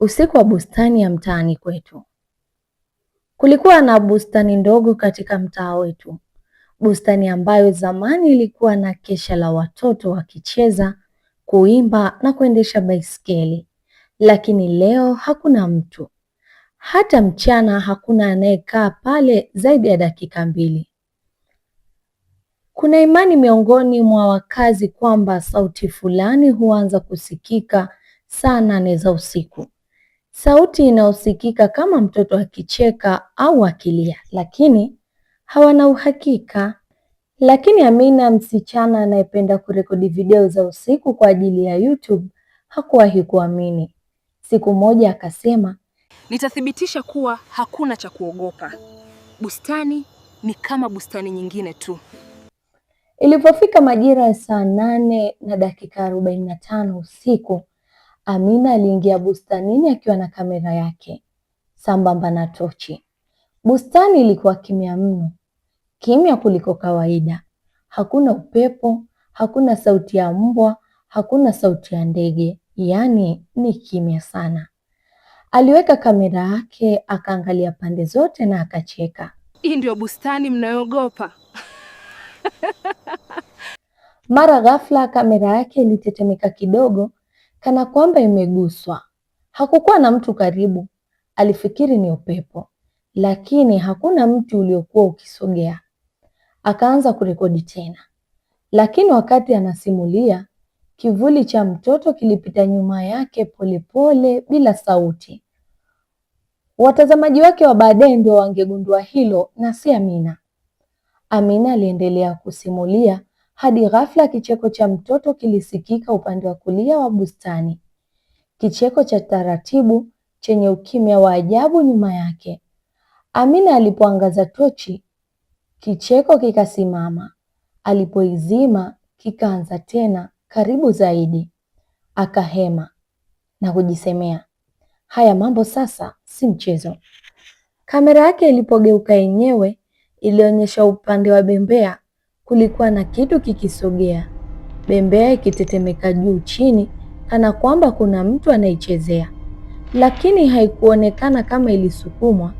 Usiku wa bustani ya mtaani kwetu. Kulikuwa na bustani ndogo katika mtaa wetu, bustani ambayo zamani ilikuwa na kesha la watoto wakicheza, kuimba na kuendesha baiskeli, lakini leo hakuna mtu. Hata mchana hakuna anayekaa pale zaidi ya dakika mbili. Kuna imani miongoni mwa wakazi kwamba sauti fulani huanza kusikika saa nane za usiku sauti inayosikika kama mtoto akicheka au akilia, lakini hawana uhakika. Lakini Amina, msichana anayependa kurekodi video za usiku kwa ajili ya YouTube, hakuwahi kuamini. Siku moja akasema, nitathibitisha kuwa hakuna cha kuogopa, bustani ni kama bustani nyingine tu. Ilipofika majira ya saa nane na dakika arobaini na tano usiku Amina aliingia bustanini akiwa na kamera yake sambamba na tochi. Bustani ilikuwa kimya mno, kimya kuliko kawaida. Hakuna upepo, hakuna sauti ya mbwa, hakuna sauti ya ndege, yaani ni kimya sana. Aliweka kamera yake, akaangalia pande zote na akacheka. Hii ndio bustani mnayoogopa? Mara ghafla kamera yake ilitetemeka kidogo kana kwamba imeguswa. Hakukuwa na mtu karibu, alifikiri ni upepo, lakini hakuna mti uliokuwa ukisogea. Akaanza kurekodi tena, lakini wakati anasimulia, kivuli cha mtoto kilipita nyuma yake polepole pole, bila sauti. Watazamaji wake wa baadaye ndio wangegundua hilo na si Amina. Amina aliendelea kusimulia hadi ghafla kicheko cha mtoto kilisikika upande wa kulia wa bustani, kicheko cha taratibu chenye ukimya wa ajabu nyuma yake. Amina alipoangaza tochi, kicheko kikasimama. Alipoizima kikaanza tena, karibu zaidi. Akahema na kujisemea, haya mambo sasa si mchezo. Kamera yake ilipogeuka yenyewe ilionyesha upande wa bembea kulikuwa na kitu kikisogea, bembea ikitetemeka juu chini, kana kwamba kuna mtu anaichezea, lakini haikuonekana kama ilisukumwa.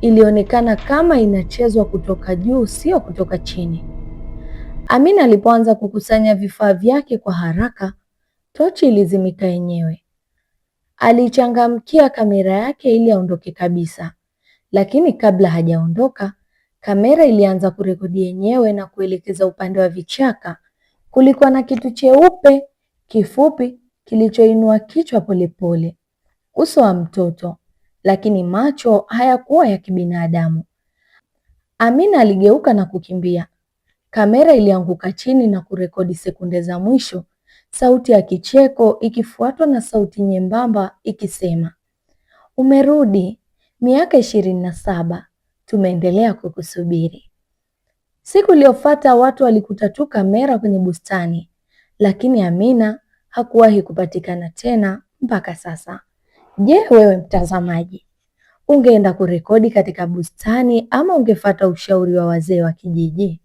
Ilionekana kama inachezwa kutoka juu, sio kutoka chini. Amina alipoanza kukusanya vifaa vyake kwa haraka, tochi ilizimika yenyewe. Alichangamkia kamera yake ili aondoke kabisa, lakini kabla hajaondoka Kamera ilianza kurekodi yenyewe na kuelekeza upande wa vichaka. Kulikuwa na kitu cheupe kifupi kilichoinua kichwa polepole, uso wa mtoto, lakini macho hayakuwa ya kibinadamu. Amina aligeuka na kukimbia. Kamera ilianguka chini na kurekodi sekunde za mwisho, sauti ya kicheko ikifuatwa na sauti nyembamba ikisema, umerudi miaka ishirini na saba tumeendelea kukusubiri. Siku iliyofuata watu walikuta tu kamera kwenye bustani, lakini Amina hakuwahi kupatikana tena mpaka sasa. Je, wewe mtazamaji, ungeenda kurekodi katika bustani ama ungefuata ushauri wa wazee wa kijiji?